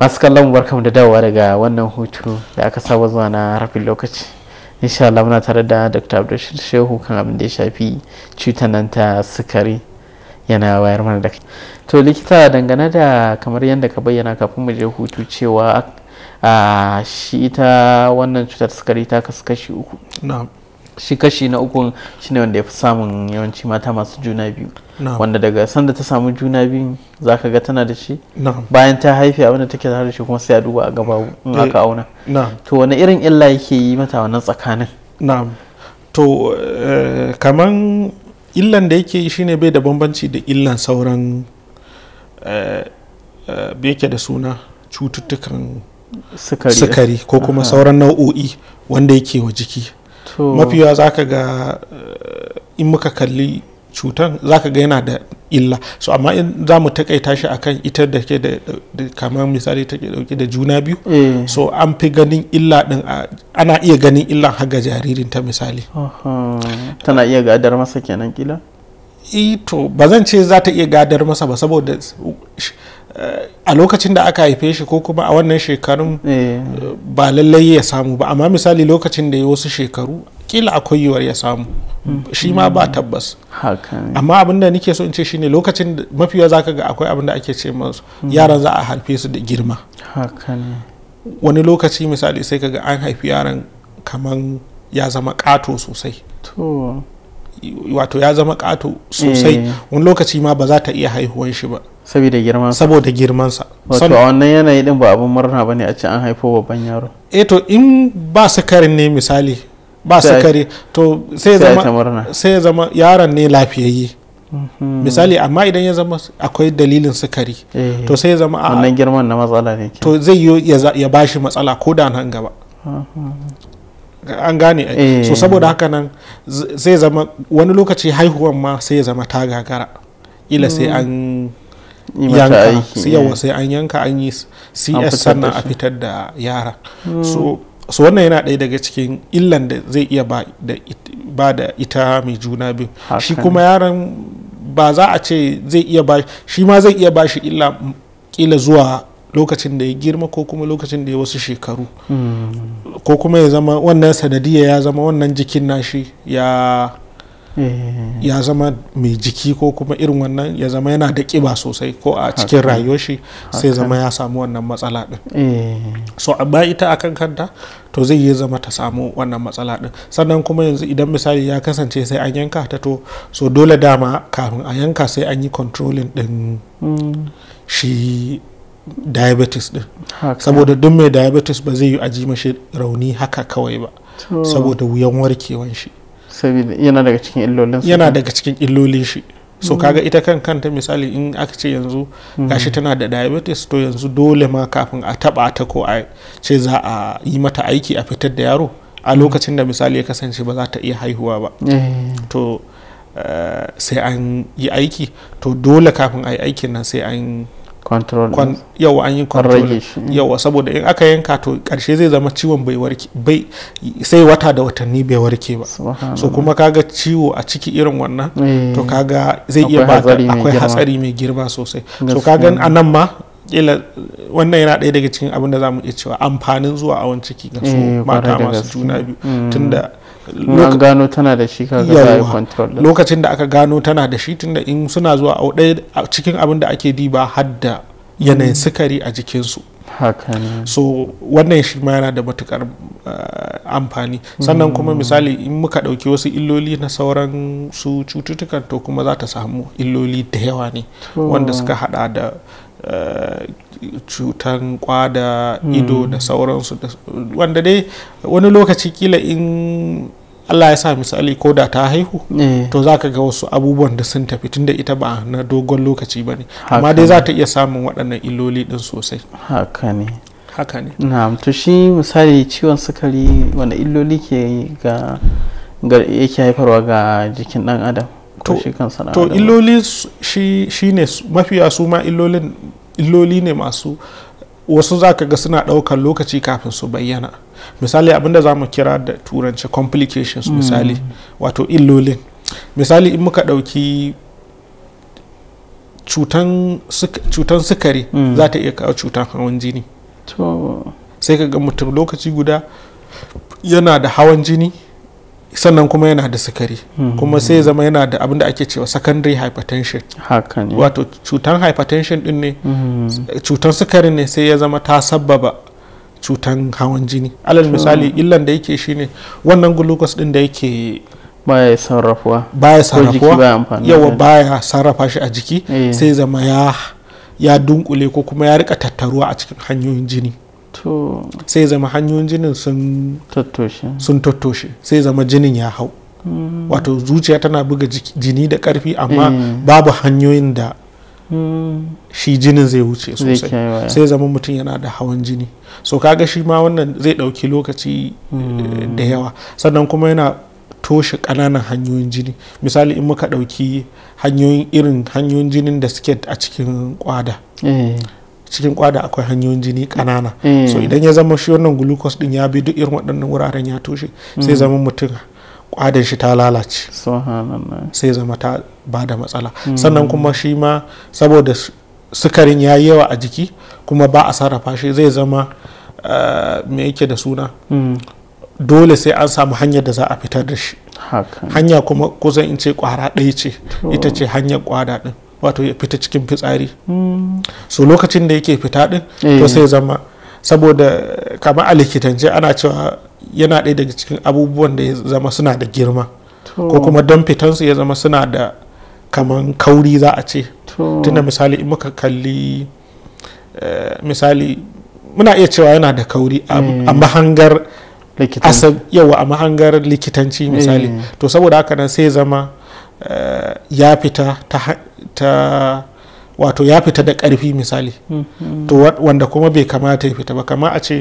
masu kallon barkamu da dawowa daga wannan hutu da aka saba zuwa na rafin lokaci insha Allah muna tare da Dr. Abdulrashid Shehu kan abin da ya shafi cutar nan ta sukari yana wayar mana da kai to likita dangane da kamar yadda ka bayyana kafin mu je hutu cewa a shi ita wannan cutar sukari ta kasu kashi uku shi kashi na uku shi ne wanda ya fi samun yawanci mata masu juna biyu wanda daga sanda ta samu juna biyu za ka ga tana da shi bayan ta haifi abinda take tare da shi kuma sai a duba a gaba in aka eh, auna to wani irin illa yake yi mata wannan tsakanin to eh, kaman illan da yake yi shine bai da bambanci da illan sauran eh, yake da suna cututtukan sukari ko kuma sauran nau'o'i wanda yake wa jiki mafiya za ka ga eh, in muka kalli cutan za ka ga yana da illa so amma in za mu takaita shi akan ita da ke da kamar misali take dauke da juna biyu mm. so an fi ganin illa din ana iya ganin illan haga jaririn ta misali tana iya gadar masa kenan kila eh to ba zan ce za ta iya gadar masa ba saboda a lokacin da aka haife shi ko kuma a wannan shekarun eh. ba lallai ya samu ba amma misali lokacin da ya wasu shekaru kila akwai yiwuwar ya samu mm. shi ma ba tabbas amma abin nike so in ce shine lokacin da mafiya za ka ga akwai abin da ake ce masu mm. yaran za a haife su da girma wani lokaci misali sai ka ga an haifi yaran kaman ya zama kato sosai wato ya zama kato sosai mm. wani lokaci ma ba za ta iya haihuwan shi ba saboda girman saboda girmansa wato a wannan yanayi din ba abin murna bane a ce an haifo babban yaro eh to in ba sakarin ne misali ba sakari to sai zama sai zama yaron ne lafiyayye mm-hmm. misali amma idan ya zama akwai dalilin sukari eh. to sai zama a wannan girman na matsala ne to zai yi ya bashi matsala ko da nan gaba mm-hmm. an gane eh. so saboda haka nan zai zama wani lokaci haihuwan ma sai ya zama ta gagara ila sai mm. an yanka yawa eh. sai an yanka an yi cs sannan a fitar da yara mm. so wannan yana ɗaya daga cikin illan da zai iya ba da ita mai juna biyu shi kuma yaran ba za a ce zai iya ba shi ma zai iya ba shi illa kila zuwa lokacin da ya girma ko kuma lokacin da ya wasu shekaru hmm. ko kuma ya zama wannan sanadiyya ya zama wannan jikin nashi ya eh. ya zama mai jiki ko kuma irin wannan ya zama yana da kiba sosai ko a cikin rayuwar shi sai zama ya samu wannan matsala din eh. so amma ita akan kanta to zai yi zama ta samu wannan matsala din sannan kuma yanzu idan misali ya kasance sai an yanka ta to so dole dama kafin a yanka sai an yi controlling din hmm. shi diabetes din saboda duk mai diabetes ba zai yi aji mashi rauni haka kawai ba saboda wuyan warkewan shi yana daga cikin illolin yana daga cikin illolin shi so mm. kaga ita kan kanta misali in aka ce yanzu mm. gashi tana da diabetes to yanzu dole ma kafin a taba ta ko a ce za a yi mata aiki a fitar da yaro a mm. lokacin da misali ya kasance ba za ta iya haihuwa ba eh. to eh, sai an yi aiki to dole kafin a yi aikin nan sai an control yawa an yi control mm. yawa saboda in aka yanka to karshe zai zama ciwon bai warke bai sai wata da watanni bai warke ba so kuma kaga ciwo a ciki irin wannan eh. to kaga zai iya ba akwai hatsari mai girma sosai so kaga nan ma kila wannan yana daya daga cikin abinda da za mu iya cewa amfanin zuwa awon ciki ga su eh, mata masu juna biyu mm. tunda lokacin da aka gano tana da shi tunda in suna zuwa a ɗaya cikin abin da ake diba hadda yanayin mm. sukari a jikinsu so wannan shi ma yana da matukar eh, amfani sannan kuma mm. misali in muka ɗauki wasu illoli na sauran su cututtukan to kuma za ta samu illoli da yawa ne wanda suka hada da eh, cutan kwada ido mm. da sauransu wanda dai wani lokaci kila in Allah ya sa misali ko da ta haihu eh. to za ka ga wasu abubuwan da sun tafi tunda ita ba na dogon lokaci ba ne amma dai za ta iya samun waɗannan illoli ɗin sosai haka ne haka ne na'am to shi misali ciwon sukari wanda illoli ke ga yake haifarwa ga jikin ɗan adam to illoli shi ne mafiya su ma illoli ne masu wasu za ka ga suna ɗaukar lokaci kafin su bayyana misali abinda za mu kira da turanci complications mm. misali wato illolin misali in muka ɗauki cutan sukari mm. za ta iya kawo cutan hawan jini sai ka ga mutum lokaci guda yana da hawan jini sannan kuma yana da sukari hmm. kuma sai zama yana da abin da ake cewa secondary hypertension wato cutan hypertension din ne hmm. cutan sukari ne sai ya zama ta sabbaba cutan hawan jini alal misali illan da yake shine wannan glucose din da yake baya sarrafuwa baya sarrafuwa yawa baya sarrafa shi a jiki eh. sai zama ya ya dunkule ko kuma ya rika tattaruwa a cikin hanyoyin jini to sai zama hanyoyin jinin sun tattoshe sai zama jinin ya hau mm. wato zuciya tana buga jini da karfi amma eh. babu hanyoyin da mm. shi jinin zai wuce sosai sai zama mutum yana da hawan jini so kaga shi ma wannan zai ɗauki lokaci eh, da mm. yawa sannan kuma yana toshe kananan hanyoyin jini misali in muka ɗauki hanyoyin irin hanyoyin jinin da suke a cikin kwada eh. cikin kwada akwai hanyoyin jini kanana mm. so idan ya zama shi wannan glucose din ya bi duk irin waɗannan wuraren ya toshe sai mm. zama mutum kwadan shi ta lalace sai zama ta ba da matsala mm. sannan kuma shi ma saboda sukarin ya yi yawa a jiki kuma ba a sarrafa shi zai zama eh, mai yake da suna dole sai an samu hanyar da za a fitar da shi hanya kuma kusan in ce kwara ɗaya ce ita ce hanyar kwada ɗin wato ya fita cikin fitsari hmm. so lokacin da yake fita din to eh. sai zama saboda kamar a likitance ana cewa yana ɗaya daga cikin abubuwan da ya zama suna da girma ko kuma don fitansu ya zama suna da kaman kauri za a ce tunda misali in muka kalli eh, misali muna iya cewa yana da kauri a eh. mahangar yawa a mahangar likitanci misali to saboda haka nan sai zama Eh, ya fita ta ta wato ya fita da karfi misali mm-hmm. to wanda kuma bai kamata ya fita ba kama a ce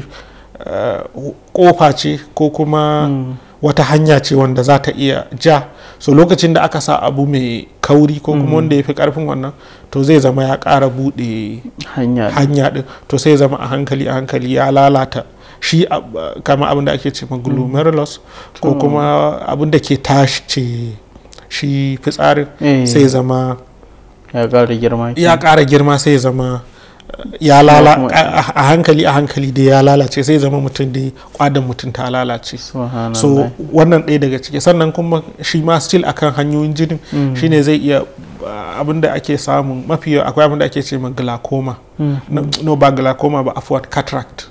kofa eh, ce ko kuma mm. wata hanya ce wanda za ta iya ja so lokacin da aka sa abu mai kauri ko kuma mm. wanda ya fi karfin wannan to zai zama ya ƙara buɗe hanya ɗin to sai zama a hankali a hankali ya lalata shi kama abin da ake ce glomerulus mm. ko kuma abin ke tashi ce shi fitsarin eh. sai zama ya ƙara girma sai zama eh, ya lalace a hankali a hankali da ya lalace sai zama mutum da kwadon mutum ta lalace so wannan ɗaya daga ciki sannan kuma shi ma still akan hanyoyin jinin mm. shine zai iya abinda ake samun mafi akwai abinda ake ce ma glaucoma mm. no ba glaucoma ba afuwat cataract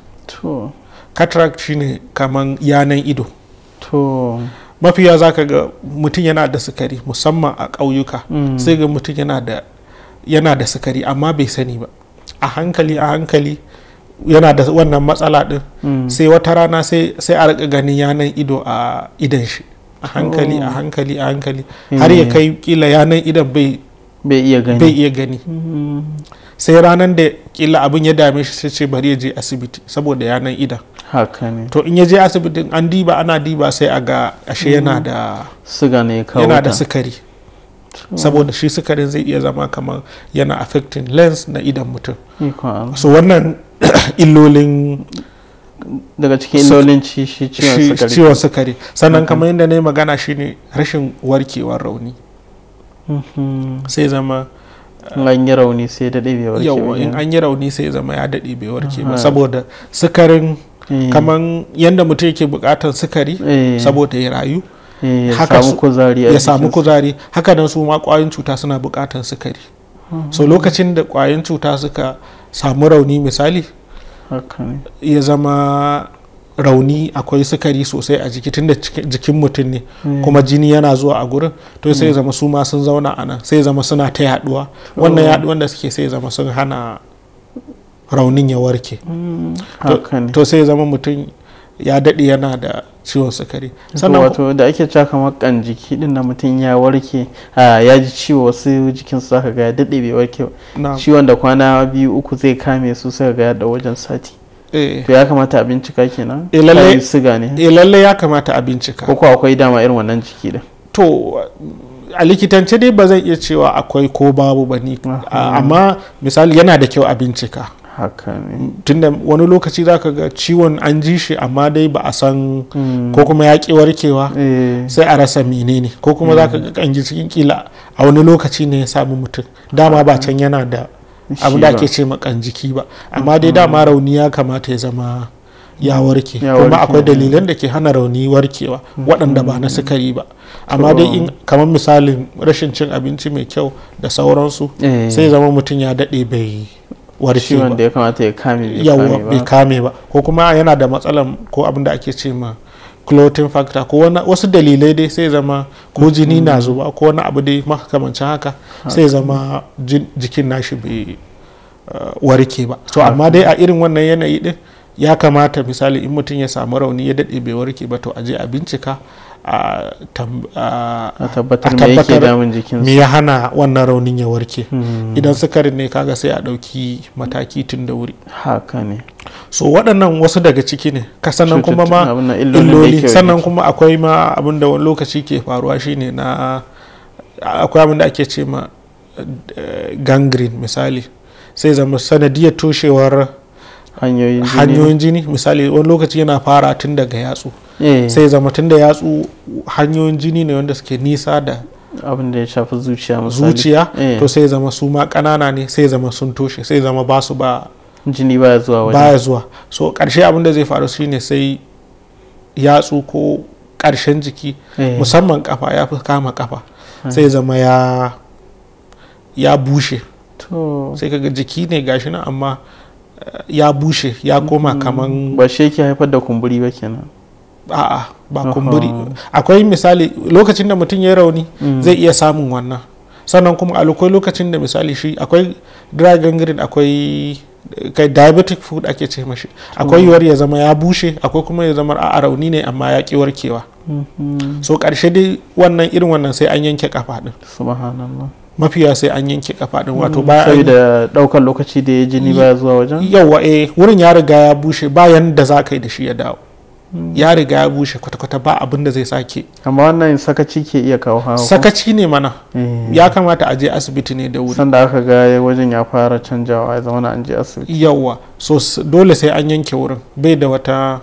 cataract shine kamar yanan ido mafiya za ka ga mutum yana da sukari musamman a ƙauyuka mm. sai ga mutum yana da sukari amma bai sani ba a hankali a hankali yana da wannan matsala din mm. sai wata rana sai a rika ganin yanan ido a idan shi a hankali a oh. hankali a hankali mm. har ya kai kila yanan idan bai iya gani sai ranar da kila abin ya dame shi sai ce bari ya je asibiti saboda yanan idan haka ne to in ya je asibitin an diba ana diba sai a ga ashe yana mm. da siga ne yana da sukari saboda shi sukarin zai iya zama kamar yana affecting lens na idan mutum so wannan illolin daga cikin illolin shi ciwon sukari sannan mm-hmm. kamar yadda na yi magana shine rashin warkewar rauni mm-hmm. sai zama an yi rauni sai zama ya daɗe bai warke ba saboda sukarin eh. kaman yadda mutum yake buƙatar sukari eh. saboda ya rayu eh, ya samu kuzari haka nan su ma ƙwayoyin cuta suna buƙatar sukari mhm. so lokacin da ƙwayoyin cuta suka samu rauni misali ya zama rauni akwai sukari sosai a jiki tunda jikin mutum ne kuma jini yana zuwa a gurin to sai mm. zama su ma sun zauna a nan sai zama suna ta yaduwa wannan oh. yaduwan da suke sai zama sun hana raunin ya warke mm, to sai zama mutum ya daɗe yana da ciwon sukari sannan wato da ake cewa kamar kan jiki din na mutum ya warke ya ji ciwo wasu jikin su zaka ga ya daɗe bai warke ciwon da kwana biyu uku zai kame su suka ga da wajen sati Eh. to ya kamata a bincika kenan eh, lalle siga ne eh, ya kamata a bincika ko akwai dama irin wannan jiki da to a likitance dai ba zan iya cewa akwai ko babu ba ni ah, hmm. amma misali yana da kyau a bincika tunda wani lokaci za ka ga ciwon an ji shi amma dai ba a san hmm. ko kuma ya ƙi warkewa sai a rasa menene ko kuma za ka ga hmm. cikin kila a wani lokaci ne ya samu mutum dama ba can yana da abu da ke ce makan jiki ba amma dai dama rauni ya kamata ya zama ya mm. warke kuma akwai dalilan da ke hana rauni warkewa mm. waɗanda ba na mm. sukari ba amma dai in kamar misalin rashin cin abinci mai kyau da sauransu eh. sai zama mutum ya daɗe bai warke ba ya kamata ya kame kame ba ko kuma yana da matsalan ko abin da ake ce ma clothing factor ko wasu dalilai dai sai zama ko jini na hmm. zuba ko wani abu dai makamancin haka sai zama jikin nashi bai uh, warke ba to amma dai a irin wannan yanayi din ya kamata misali in mutum ya samu rauni ya daɗe bai warke ba to a je a bincika a tabbatar me yake damun me ya hana wannan raunin ya warke hmm. idan sukarin ne kaga sai a ɗauki mataki tun da wuri haka ne so waɗannan wasu daga ciki ne ka sannan kuma ma illoli sannan kuma akwai ma abin da wani lokaci ke faruwa shine na akwai abin da ake ce ma eh, gangrene misali sai zama sanadiyar toshewar hanyoyin jini misali wani lokaci yana fara tun daga yatsu Eh. sai zama tunda yatsu hanyoyin jini ne wanda suke nisa da abin da ya shafi zuciya misali zuciya eh. to sai zama su ma kanana ne sai zama sun toshe sai zama ba su ba jini ba ya zuwa Ba ya zuwa so karshe abin da zai faru shine sai yatsu ko karshen jiki eh. musamman kafa ya fi kama kafa sai zama ya ya bushe sai kaga jiki ne gashi nan amma ya bushe ya koma mm, kaman ba shi yake haifar da kumburi ba kenan a'a ba kumburi akwai misali lokacin da mutum ya rauni mm. zai iya samun wannan sannan kuma akwai lokacin da misali shi akwai dragon green akwai kai diabetic food ake ce mashi akwai mm. yiwuwar ya zama ya bushe akwai kuma ya zama a rauni ne amma ya ki warkewa mm-hmm. so karshe dai wannan irin wannan sai an yanke kafa din subhanallah mafiya sai an yanke kafa din wato mm. ba sai da daukan lokaci da ya jini ba zuwa wajen yawa eh wurin ya riga ya bushe bayan da za ka yi da shi ya dawo ya riga ya bushe kwata-kwata ba abin zai sake amma wannan sakaci ke iya kawo hawa sakaci ne mana eh. ya kamata a je asibiti ne da wuri sanda aka ga wajen ya fara canjawa ya zama an je asibiti yawa so dole sai an yanke wurin bai da wata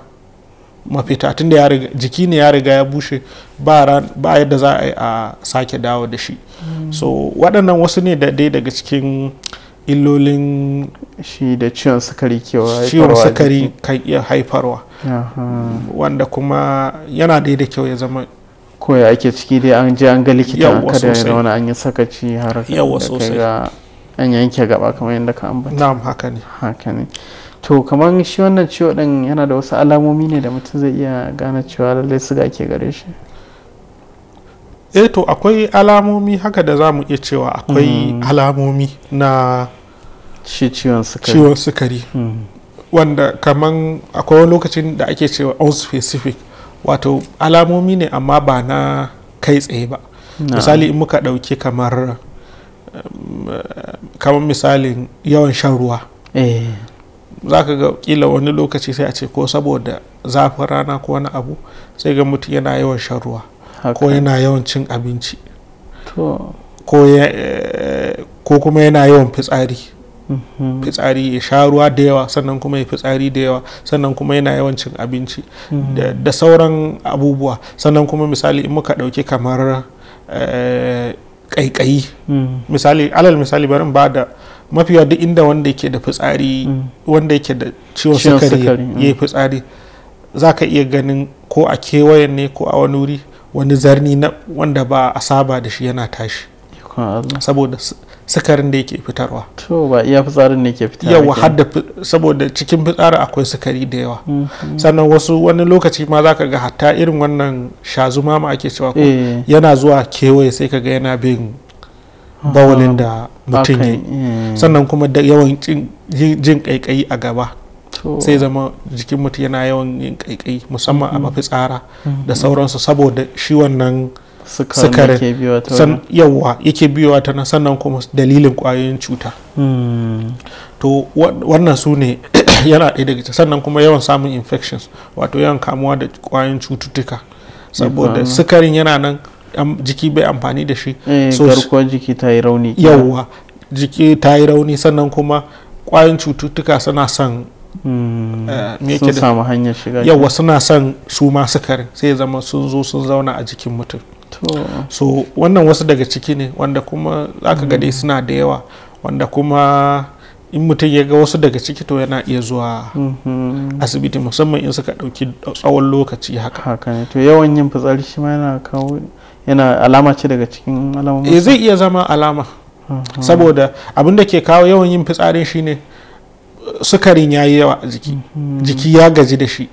mafita tunda ya riga jiki ne ya riga ya bushe ba yadda za a a sake dawo da shi hmm. so waɗannan wasu ne da daga cikin illolin shi da ciwon sukari ciwon sukari kan iya haifarwa wanda kuma yana daidai da kyau ya zama koya ake ciki dai an je an ga likita kada ya zauna an yi sakaci har kai ga an yanke gaba kamar yadda ka ambata na'am haka ne haka ne to kamar shi wannan ciwo din yana da wasu alamomi ne da mutum zai iya gane cewa lallai suga ke gare shi e to akwai alamomi haka da za mu iya cewa akwai mm. alamomi na ciwon sukari, mm. wanda kaman akwai wani lokacin da ake cewa unspecific wato alamomi ne amma ba na kai tsaye ba misali in muka ɗauki kamar eh, kamar misalin yawan shan ruwa eh. za ka ga kila wani lokaci sai a ce ko saboda zafin rana ko wani abu sai ga mutum yana yawan shan ruwa ko yana yawan cin abinci eh, ko kuma yana yawan fitsari mm-hmm. fitsari ya sha ruwa da yawa sannan kuma ya fitsari da yawa sannan kuma yana yawan cin abinci mm-hmm. da sauran abubuwa sannan kuma misali in muka ɗauki kamar eh, ƙaiƙayi mm. misali alal misali barin ba da mafiya duk inda wanda yake da fitsari mm. wanda yake da ciwon sukari ya yi mm. fitsari za ka iya ganin ko a kewayen ne ko a wani wuri wani zarni na wanda ba a saba da shi yana tashi saboda sukarin da yake fitarwa to ba iya fitsarin ne ke fitarwa yawa saboda cikin fitsarin akwai sukari da yawa mhm. sannan wasu wani lokaci ma zaka ga hatta irin wannan shazuma ma ake cewa eh. yana zuwa kewaye sai ka ga yana bin ah, bawalin da ah, mutum yi eh. sannan kuma da yawan jin kaikayi a gaba sai zama jikin mutum yana yawan yin kaikai musamman a mafitsara da sauransu saboda shi wannan sukarin san yawa yake biyowa ta nan sannan kuma dalilin kwayoyin cuta mm. to wannan su ne yana ɗaya daga sannan kuma yawan samun infections wato yawan kamuwa da kwayoyin cututtuka saboda sukarin yana nan jiki bai amfani da shi eh, garkuwar jiki ta yi rauni yawa jiki ta yi rauni sannan kuma kwayoyin cututtuka suna son Hmm. Eh, sun samu hanyar shiga yawa suna son su ma sukarin sai zama sun zo sun zauna a jikin mutum so wannan wasu daga ciki ne wanda kuma zaka ka gade hmm. suna da yawa wanda kuma in mutum ya ga wasu daga ciki to yana iya zuwa hmm. asibiti musamman in suka ɗauki tsawon lokaci haka haka ne to yawan yin fitsari shi ma yana kawo yana alama ce daga cikin alamomin eh, zai iya zama alama saboda abin da ke kawo yawan yin fitsarin shine ne sukarin ya yi yawa a jiki mhm. jiki ya gaji da shi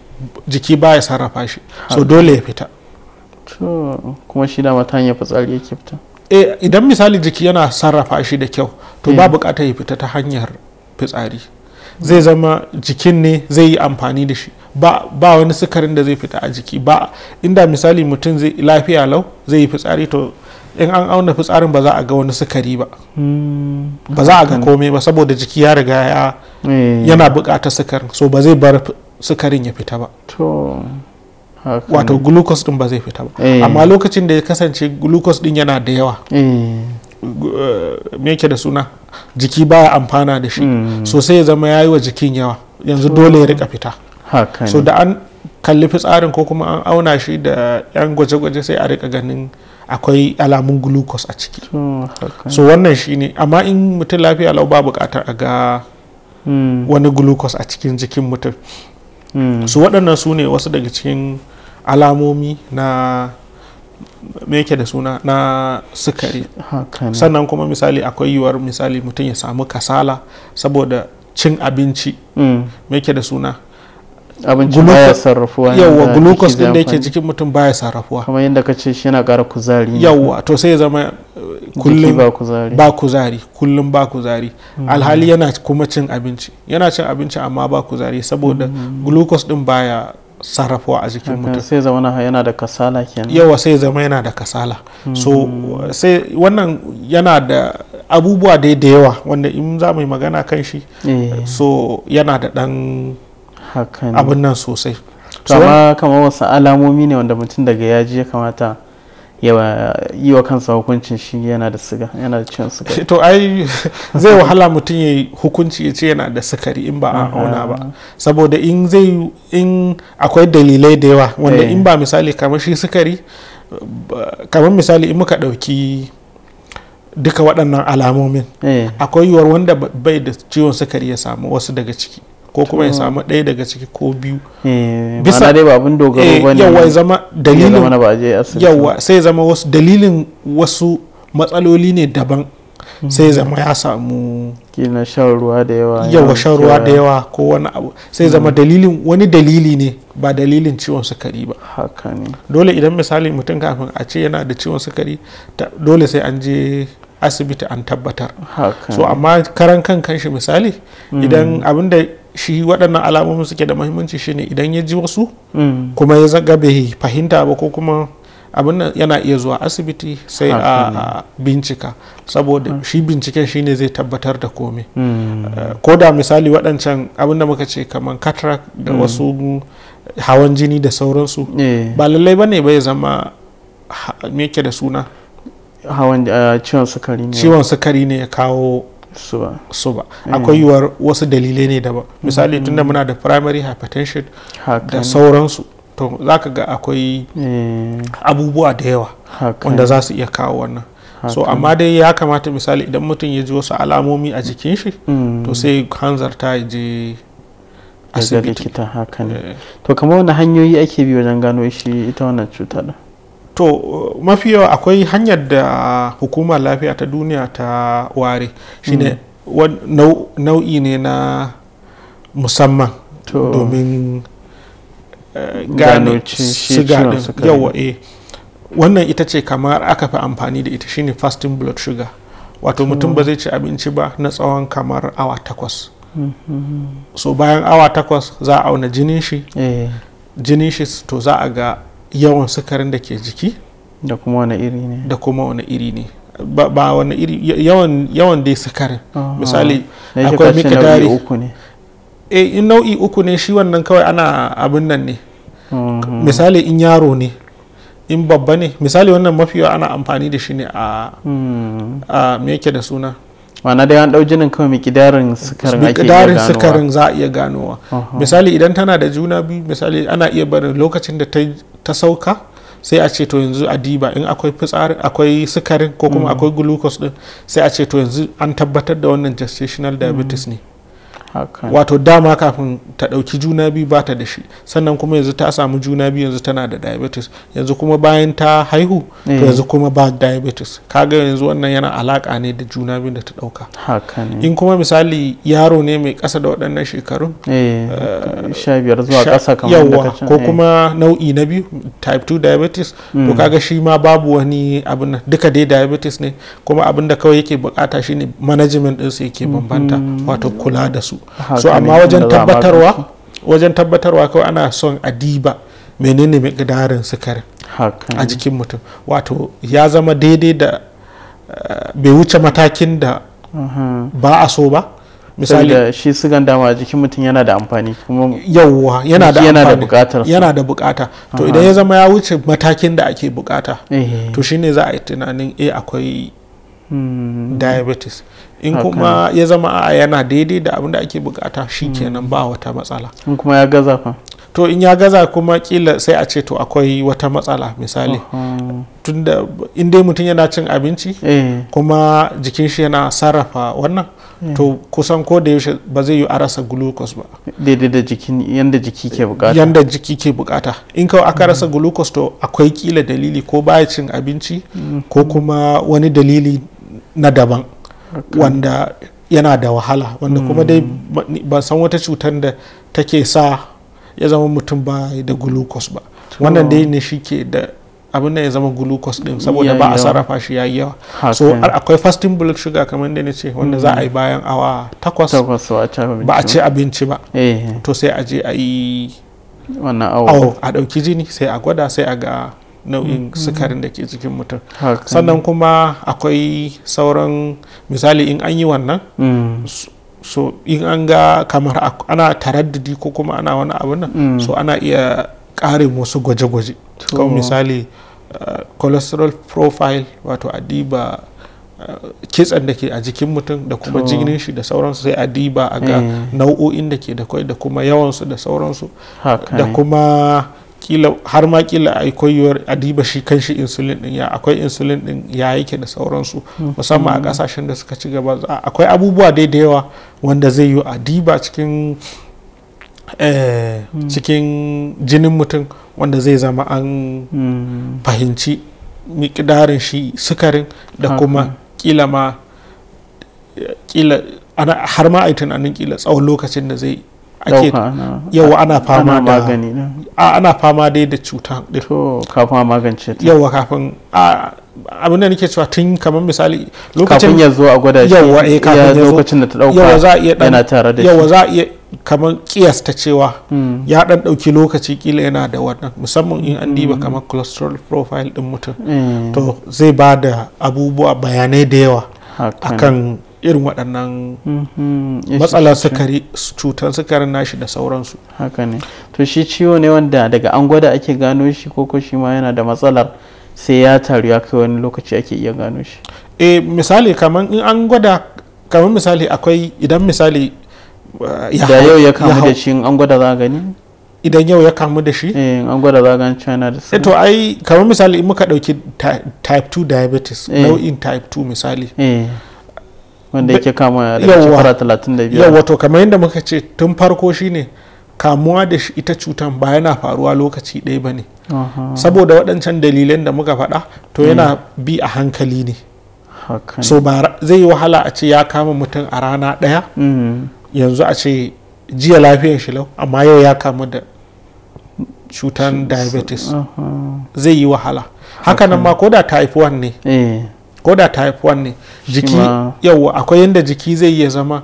jiki ba ya sarrafa shi so dole ya fita kuma shi dama ta ya fitsari ke fita eh, idan misali jiki yana sarrafa shi da kyau to ba eh. bukatar ya fita ta hanyar fitsari zai zama jikin ne zai yi amfani da shi ba, wani sukarin da zai fita a jiki ba inda misali mutum zai lafiya lau zai yi fitsari to in an auna fitsarin ba za a ga wani sukari ba hmm. ba za a ga komai ba saboda jiki ya riga ya eh. yana buƙatar sukarin so ba zai bar sukarin ya fita ba wato glucose din ba zai fita ba eh. amma lokacin da ya kasance glucose din yana da yawa eh. me yake da suna jiki baya amfana da shi hmm. so sai ya zama yayi wa jikin yawa yanzu dole ya rika fita so da an kalli fitsarin ko kuma an auna shi da yan gwaje-gwaje sai a rika ganin akwai alamun glucose a ciki so wannan shine amma in mutum lafiya lau ba bukatar a ga hmm. wani glucose a cikin jikin mutum hmm. su waɗannan su ne wasu daga cikin alamomi na meke da suna na sukari sannan kuma misali akwai yiwuwar misali mutum ya samu kasala saboda cin abinci hmm. meke da suna abinci baya sarrafuwa yawwa glucose din da yake jikin mutum baya sarrafuwa kamar yadda ka ce shi yana ƙara kuzari yawwa to sai ya zama eh, kullum ba kuzari kullum ba kuzari mm-hmm. alhali yana kuma cin abinci yana cin abinci amma ba kuzari saboda mm-hmm. glucose din baya sarrafuwa a jikin mutum sai zama yana da kasala kenan yawa sai zama yana da kasala so mm-hmm. sai wannan yana da abubuwa da yawa wanda in za mu yi magana kan shi eh. so yana da dan abin nan sosai kama kama wasu alamomi ne wanda mutum daga yaji ya kamata yi wa kansa hukuncin shi yana da siga yana da ciwon sukari to ai zai wahala mutum ya hukunci ya ce yana da sukari in ba a auna ba saboda in zai in akwai dalilai da yawa wanda eh. in ba misali kamar shi sukari kamar misali in muka ɗauki duka waɗannan alamomin eh. akwai yiwuwar wanda bai da ciwon sukari ya samu wasu daga ciki ko kuma ya samu ɗaya daga ciki ko biyu eh, bisa dai ba abin dogaro eh, ba ne yawa zama dalilin yawa sai zama wasu dalilin wasu matsaloli ne daban sai zama ya samu kina shan ruwa da yawa yawa shan ruwa da yawa ko wani abu sai zama mm. dalilin wani dalili ne ba dalilin ciwon sukari ba haka ne dole idan misali mutum kafin a ce yana da ciwon sukari dole sai an je asibiti an tabbatar so amma karan kan kanshi misali mm. idan abin da shi waɗannan alamomin suke da muhimmanci shine idan ya ji wasu hmm. kuma ya zaga bai fahimta ba ko kuma abin nan yana iya zuwa asibiti sai a bincika saboda hmm. shi binciken shine zai tabbatar da komai hmm. eh, ko da misali waɗancan abin da muka ce kamar cataract da wasu hawan jini da sauransu eh. ba lallai ba ne bai zama me da suna eh, ciwon sukari ne ya kawo su ba mm. akwai yiwuwar wasu dalilai ne daban misali mm. tunda muna da primary hypertension da sauransu to za ka ga akwai eh. abubuwa da yawa wanda za su iya kawo wannan so amma dai ya kamata misali idan mutum ya ji wasu alamomi a jikin shi to mm. sai hanzarta ya je asibiti eh. to kamar wani hanyoyi ake bi wajen gano shi ita wannan cuta da to uh, mafi yawa akwai hanyar da hukumar lafiya ta duniya ta ware shine hmm. nau'i ne na musamman domin uh, gane siga yawa eh wannan ita ce kamar aka fi amfani da ita shine fasting blood sugar wato mutum ba zai ci abinci ba na tsawon kamar awa takwas mm-hmm. so bayan awa takwas za a auna jinin shi eh. jinin shi to za a ga yawan sukarin da ke jiki da kuma wani iri ne da kuma wani iri ne ba, ba wani iri yawan yawan dai sukarin ah, ah. misali akwai mikadari eh in nau'i uku ne shi wannan kawai ana abin nan ne mm-hmm. misali in yaro ne in babba ne misali wannan mafiya ana amfani da shi ne a mm-hmm. a da suna wana dai an daujinin jinin kawai mikidarin sukarin ake mikidarin sukarin za a iya ganowa misali idan tana da juna biyu misali ana iya barin lokacin da ta ta sauka sai a ce to yanzu a diba in akwai fitsari akwai sukarin ko kuma mm. akwai glucose din sai a ce to yanzu an tabbatar da wannan gestational diabetes mm. ne wato dama kafin ta ɗauki juna biyu ba ta da shi sannan kuma yanzu ta samu juna biyu yanzu tana da diabetes yanzu kuma bayan ta haihu to eh. yanzu kuma ba diabetes kaga yanzu wannan yana alaka ne da juna biyu da ta ɗauka in kuma misali yaro ne mai ƙasa da waɗannan shekarun eh, eh, sha biyar zuwa ƙasa yawa ko kuma nau'i na biyu type 2 diabetes to hmm. kaga shi ma babu wani abin duka dai diabetes ne kuma abin da kawai yake bukata shine management ɗinsu yake bambanta hmm. wato kula da su so amma wajen tabbatarwa wajen tabbatarwa kawai ana son a diba menene miqdarin sukari a jikin mutum wato ya zama daidai da eh, bai wuce matakin da ba a so ba misali shi sigan dama a jikin mutum yana da amfani kuma yawwa yana da yana yana da bukata to idan ya zama ya wuce matakin da ake bukata eh. to shine za a yi tunanin eh akwai hmm. diabetes in kuma ya zama a yana daidai da abin ake bukata shikenan mm. ba wata matsala in kuma ya gaza fa to in ya gaza kuma kila sai a ce to akwai wata matsala misali tunda in dai mutum yana cin abinci eh. kuma jikin shi yana sarrafa wannan eh. to kusan ko da yaushe ba zai yi arasa glucose ba daidai da jikin yanda jiki ke bukata yanda jiki ke bukata in kawai aka mm. rasa glucose to akwai kila dalili ko baya cin abinci mm. ko kuma wani dalili na daban wanda yana da wahala wanda kuma dai hmm. ba san wata cutar da take sa ya zama mutum ba da glucose ba wannan dai ne shi ke da abin da ya zama glucose din saboda ba a sarrafa shi yayi yawa so akwai fasting blood sugar kamar da ce wanda za a yi hmm. bayan awa takwas ba a ci abinci ba eh. to sai a je a yi wannan a ɗauki jini sai a gwada sai a ga nau'in mm-hmm. sukarin da ke jikin mutum sannan kuma akwai sauran misali in an yi wannan mm. so in an ga kamar ana taraddadi ko kuma ana wani abin nan mm. so ana iya ƙarin wasu gwaje-gwaje kawai misali uh, cholesterol profile wato adiba uh, kitsan da ke a jikin mutum da kuma jinin shi da sauransu sai a diba a ga mm. nau'o'in da ke da kwai da kuma yawansu da sauransu da kuma kila har ma kila a koyuwar a diba shi kan shi insulin din ya akwai insulin din ya yake da sauransu musamman a kasashen mm-hmm. da suka ci gaba akwai abubuwa dai da yawa wanda zai yi a diba eh, mm. cikin jinin mutum wanda zai zama an mm. fahimci mikidarin shi sukarin da kuma kila ma kila har ma a tunanin kila tsawon lokacin da zai ake yawa ana fama da ana fama dai da cuta to kafin a magance ta yawa kafin abin da nake cewa tun kamar misali lokacin kafin ya zo a gwada shi yawa eh kafin ya lokacin da ta dauka yawa za a iya yana tare da yawa za a iya kamar kiyasta cewa hmm. ya dan dauki lokaci kila yana da wannan musamman in an diba hmm. kamar cholesterol profile din mutum eh. to zai ba da abubuwa bayanai da yawa akan irin waɗannan mm-hmm. matsala sukari cutar sukarin nashi da sauransu haka ne to shi ciwo ne wanda daga an gwada ake gano shi ko ko shi ma yana da matsalar sai ya taru ya kai wani lokaci ake iya gano shi e misali kamar in an gwada kamar misali akwai idan misali eh, da yau ya kamu da shi an gwada za gani idan yau ya kamu da shi eh an gwada gani china da sai eh, to ai kamar misali in muka dauki type 2 diabetes nau'in type 2 misali eh wanda yake kama da shekara 35 yawa to kamar yadda muka ce tun farko shine kamuwa da ita cutan ba yana faruwa lokaci ɗaya ba ne saboda waɗancan dalilan da muka faɗa to hmm. yana bi a hankali ne so ba zai yi wahala a ce ya kama mutum a rana ɗaya hmm. yanzu a ce jiya lafiyar shi lau amma yau ya kamu da cutan diabetes zai yi wahala hakanan ma ko da ne eh. koda da type 1 ne jiki yawa akwai yadda jiki zai iya zama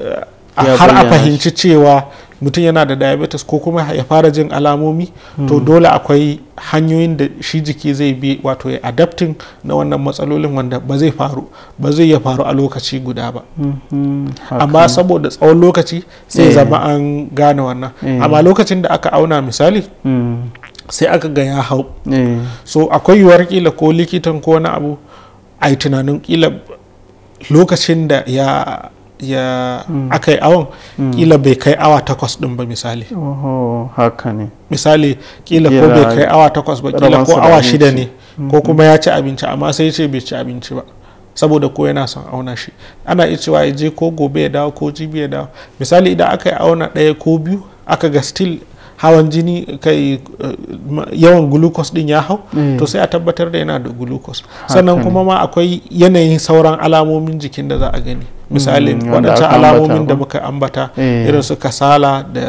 eh, har a fahimci cewa mutum yana da diabetes ko kuma ya fara jin alamomi to hmm. dole akwai hanyoyin da shi jiki zai bi wato ya adaptin na wannan matsalolin wanda ba zai faru ba zai ya faru a lokaci guda ba hmm, hmm, amma saboda tsawon lokaci sai zama eh. an gane wannan eh. amma lokacin da aka auna misali sai aka ga ya hau so akwai yiwuwar kila ko likitan ko wani abu a yi tunanin kila lokacin da ya hmm. aka yi awon hmm. kila bai kai awa takwas din ba misali haka ne misali kila ko bai kai awa takwas ba kila ko awa shida ne ko hmm. kuma ya ci abinci amma sai ce bai ci abinci ba saboda ko yana son auna shi ana iya cewa ya je ko gobe ya dawo ko jibi ya dawo misali idan aka yi auna ɗaya ko biyu aka ga still hawan jini kai eh, yawan glucose din ya hau mm. to sai a tabbatar da yana da glucose sannan kuma ma akwai yanayin sauran alamomin jikin da za a gani mm, misalin waɗancan alamomin da muka ambata eh. irin su kasala da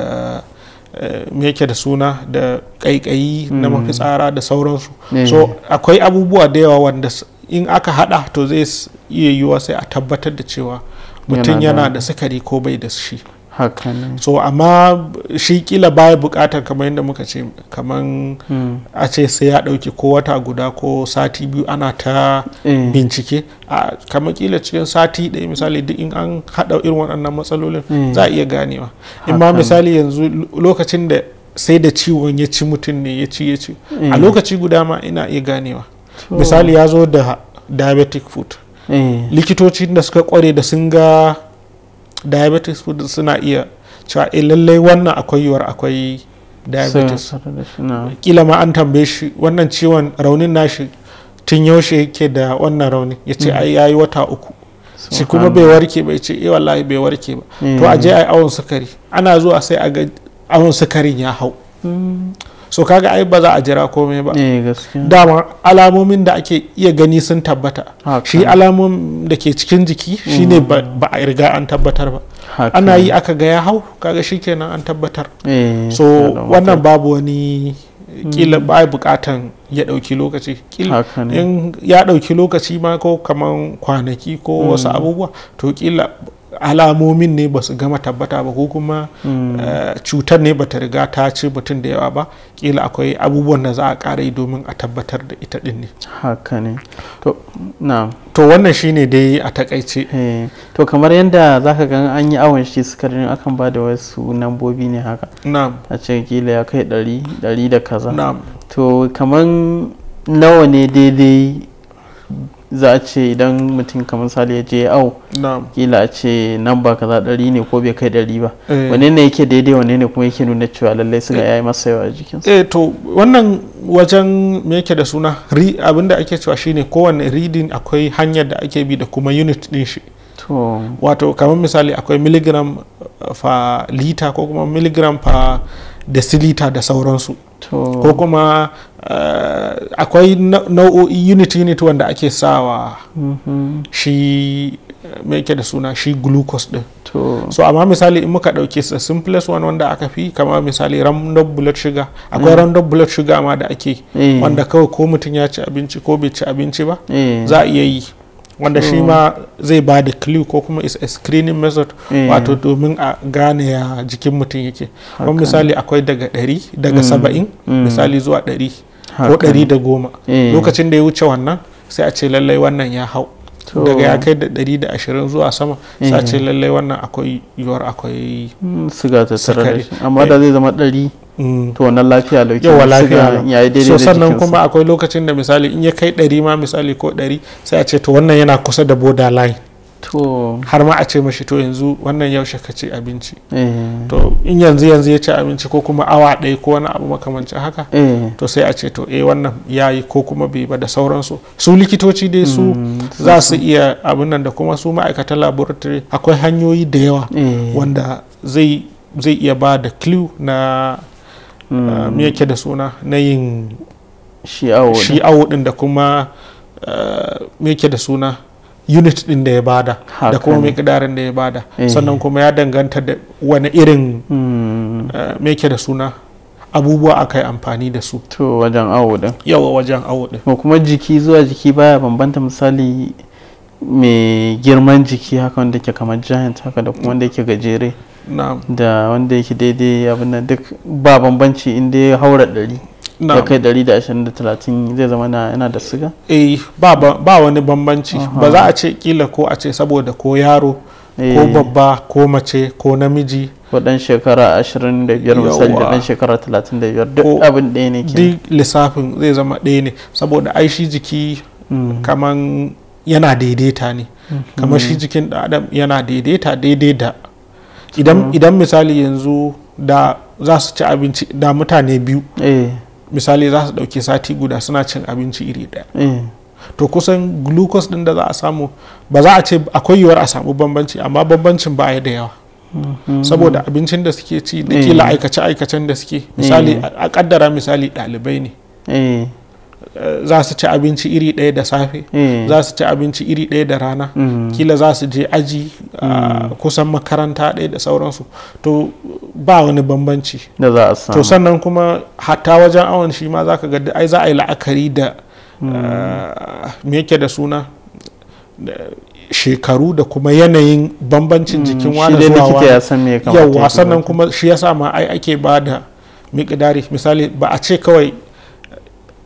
eh, me yake da suna da kaikayi na mm. mafitsara da sauransu so akwai abubuwa da yawa wanda in aka hada to zai iya yiwuwa sai a tabbatar da cewa mutum yana da sukari ko bai da shi so amma shi kila baya bukatar kamar yadda muka ce kamar hmm. a ce sai ya dauki ko wata guda ko sati biyu ana ta eh. bincike kamar kila cikin sati ɗaya misali duk in an haɗa irin waɗannan matsalolin hmm. za a iya ganewa in ma misali yanzu lokacin da sai da ciwon ya ci mutum ne ya ci ya ci a eh. lokaci guda ma ina iya ganewa misali ya zo da diabetic food eh. likitocin da suka kware da sun ga diabetes food suna iya cewa eh lallai wannan akwai yiwuwar akwai diabetes kila ma an tambaye shi wannan ciwon raunin nashi tun yaushe yake da wannan rauni ya ce ai yayi wata uku shi kuma bai warke bai ce eh wallahi bai warke ba to a je ai awon sukari ana zuwa sai a ga awon sukarin ya hau mm. so kaga ai ba za a jira komai ba eh, dama alamomin da ake iya gani sun tabbata shi alamomin da ke cikin jiki shine mm. ba a riga an tabbatar ba ana yi aka ga ya hau kaga shikenan an tabbatar eh, so wannan babu wani mm. kila ba bukatan ya dauki lokaci in ya dauki lokaci ma ko kaman kwanaki ko mm. wasu abubuwa to kila alamomin ne ba su gama tabbata ba ko kuma hmm. eh, cutar ne bata riga ta ce mutum da yawa ba kila akwai abubuwan da za a ƙara yi domin a tabbatar da ita din ne haka ne to wannan shi ne dai a takaice eh, to kamar yadda za ka gan an yi awon shi sukarin akan ba da wasu nambobi ne haka a ce kila ya kai ɗari ɗari da kaza to kamar nawa ne daidai za a ce idan mutum kamar sali ya je au kila a ce nan ba kaza ɗari ne ko bai kai ɗari ba eh. wane ne yake daidai wane ne kuma yake nuna cewa lallai suna eh. yayi masa yawa a jikinsa eh to wannan wajen me yake da suna abinda ake cewa shine kowane reading akwai hanyar da ake bi da kuma unit din shi wato kamar misali akwai milligram uh, fa litre ko kuma milligram fa deciliter da sauransu ko kuma Eh, akwai nau'o'i unit unit wanda ake sawa shi mai yake da suna shi glucose din so amma misali in muka dauke sa simplest one wanda aka fi kama misali random blood sugar akwai mm. random blood sugar ma da ake eh. wanda kawai ko mutum ya ci abinci ko bai ci abinci ba eh. za a iya yi wanda shi ma zai ba da clue ko kuma is a screening method wato domin a gane ya jikin mutum yake kuma misali akwai daga 100 daga 70 mm. mm. misali zuwa 100 ko ɗari da goma eh. lokacin da ya wuce wannan sai a ce lallai wannan ya hau daga ya kai da ɗari da ashirin zuwa sama sai a ce eh. lallai wannan akwai yiwuwar akwai hmm, siga ta sarari amma da eh. zai zama ɗari hmm. to wannan lafiya lauki yawa lafiya ya yi daidai so sannan kuma akwai lokacin da misali in ya kai ɗari ma misali ko ɗari sai a ce to wannan yana kusa da borderline har ma a ce mashi to yanzu wannan yaushe ka ce abinci eh. to in yanzu yanzu ya ci abinci ko kuma awa ɗaya ko wani abu makamancin haka eh. to sai a ce to eh wannan ya yi ko kuma bai ba da sauransu su likitoci dai su hmm, za su iya abin nan da kuma su ma'aikatan laboratory akwai hanyoyi da yawa eh. wanda zai iya ba da clue na hmm. ah, me yake da suna na yin shi din da kuma ah, me yake da suna unit din da ya bada da kuma miƙdarin da ya bada eh. sannan kuma ya danganta da wani irin hmm. eh, meke da suna abubuwa aka yi amfani da su to wajen awo din yawa wajen awo din kuma jiki zuwa jiki baya bambanta misali mai girman jiki haka wanda ke kamar giant haka da kuma wanda ke gajere da wanda yake daidai abin duk ba bambanci inda ya haura ɗari ya kai da talatin zai zama yana da siga? eh ba wani bambanci ba za a ce kila ko a ce saboda ko yaro ko eh. babba ko mace ko namiji ko dan shekara 25 misali da dan shekara 35 duk abin ɗaya ne ke duk lissafin zai zama ɗaya ne saboda ai shi jiki hmm. kaman yana daidaita ne hmm. kamar shi hmm. jikin da adam yana daidaita daidai da idan misali yanzu da za su ci abinci da mutane biyu eh. misali za su ɗauki sati guda suna cin abinci iri daya. Eh. to kusan glucose ɗin da za a samu ba za a ce akwai yiwuwar a samu bambanci amma bambancin ba da yawa mm-hmm. saboda abincin da suke ci da eh. kila aikace-aikacen da suke misali eh. a kaddara misali dalibai ne za su ci abinci iri ɗaya da safe hmm. za su ci abinci iri ɗaya da rana hmm. kila za su je aji hmm. kusan makaranta ɗaya da sauransu to ba wani bambanci to sannan kuma hatta wajen awon shi ma za ka ga ai za a yi la'akari da me yake da suna shekaru da kuma yanayin bambancin jikin wani zuwa wani yau sannan kuma shi yasa ma ai ake ba da miƙidari misali ba a ce kawai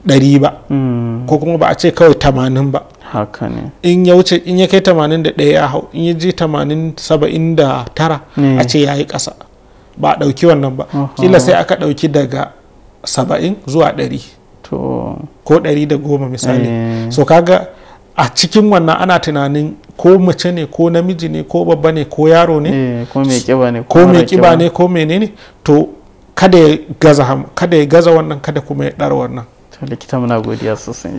ɗari ba hmm. ko kuma ba a ce kawai tamanin ba haka ne in ya wuce in ya kai tamanin da ɗaya ya hau in ya je tamanin saba'in da tara a ce ya yi ƙasa ba a ɗauki wannan ba kila sai aka ɗauki daga saba'in zuwa ɗari ko ɗari da goma misali eh. so kaga a cikin wannan ana tunanin ko mace ne ko namiji ne ko babba ne ko yaro ne eh, ko mai kiba ne ko menene to kada ya gaza wannan kada kuma ya ɗara wannan to likita muna godiya sosai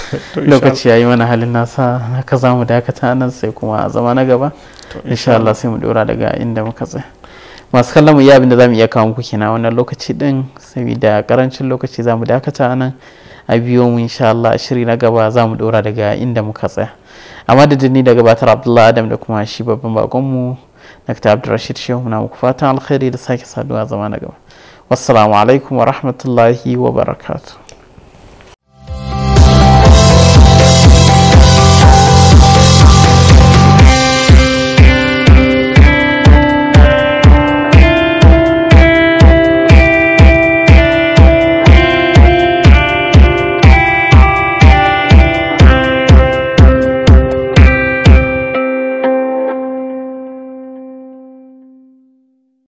lokaci yi mana halin nasa ka za mu dakata nan sai kuma a zama na gaba insha Allah sai mu dora daga inda muka tsaya masu kallon mu iya abinda za mu iya kawo muku kenan wannan lokaci din saboda karancin lokaci za mu dakata nan a biyo mu insha Allah shiri na gaba za mu dora daga inda muka tsaya a madadin ni da gabatar abdullah Adam da kuma shi babban bakon mu Dr. Abdulrashid Shehu muna muku fatan alkhairi da sake saduwa zama na gaba wassalamu alaikum wa rahmatullahi wa barakatuh